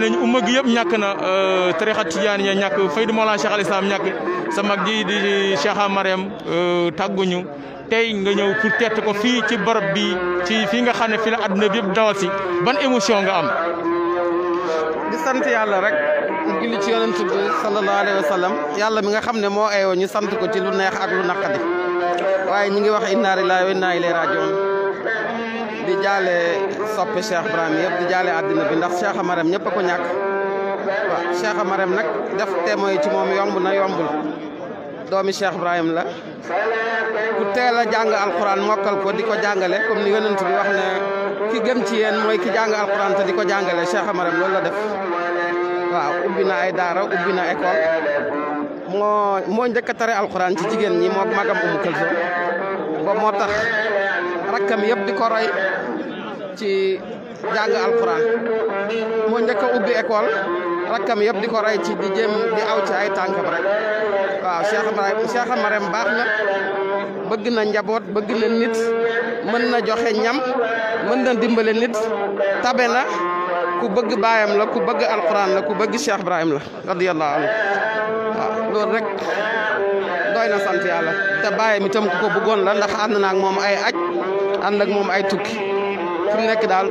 nañu u gi yëpp ñàkk na euh, tarixa tijaan ya ñàkk faydu Mawlana Cheikh al Islam ñàkk sa mag ji di Cheikha euh, tàgguñu tey nga ñëw pour tett ko fii ci barab bi ci fii nga xam ne fii la àdduna bi yëpp dawal si ban émotion nga am di sant yàlla rek julli ci yonent bi sallallahu alayhi yàlla mi nga xam ne moo ayoo ñu sant ko ci lu neex ak lu naqadi waaye ñi ngi wax inna lillahi wa inna di jaale soppi Cheikh Ibrahim yëpp di jaale àddina bi ndax Cheikh Amaram ñëpp ko ñàkk waaw Cheikh Amaram nag def témoin yi ci moom yomb na yombul doomi Cheikh Ibrahim la ku teel a jàng alxuraan mokkal ko di ko jàngale comme ni yonent bi wax ne ki gëm ci yéen mooy ki jàng alxuraan te di ko jàngale Cheikh Amaram loolu la def waaw ubbi na ay daara ubbi na école moo moo njëkk a tare alxuraan ci jigéen ñi moo magam umu këlso ba moo tax rakkam yëpp di ko roy ci jàng alquran moo njëkk a ubbi école rakkam yëpp di ko roy ci di jëm di aw ci ay tànkam rek waaw Cheikh Ibrahim Cheikh Marème baax na bëgg na njaboot bëgg na nit mën na joxe ñam mën na dimbale nit tabe na ku bëgg baayam la ku bëgg alquran la ku bëgg Cheikh Ibrahim la loolu rek doy na sant yàlla te bàyyi mi tam ko bëggoon la ndax ànd naag moom ay aj ànd ak moom ay tukki fi nekk daal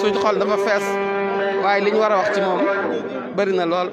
suñ xol dafa fees waaye li ñu war a wax ci moom bëri na lool.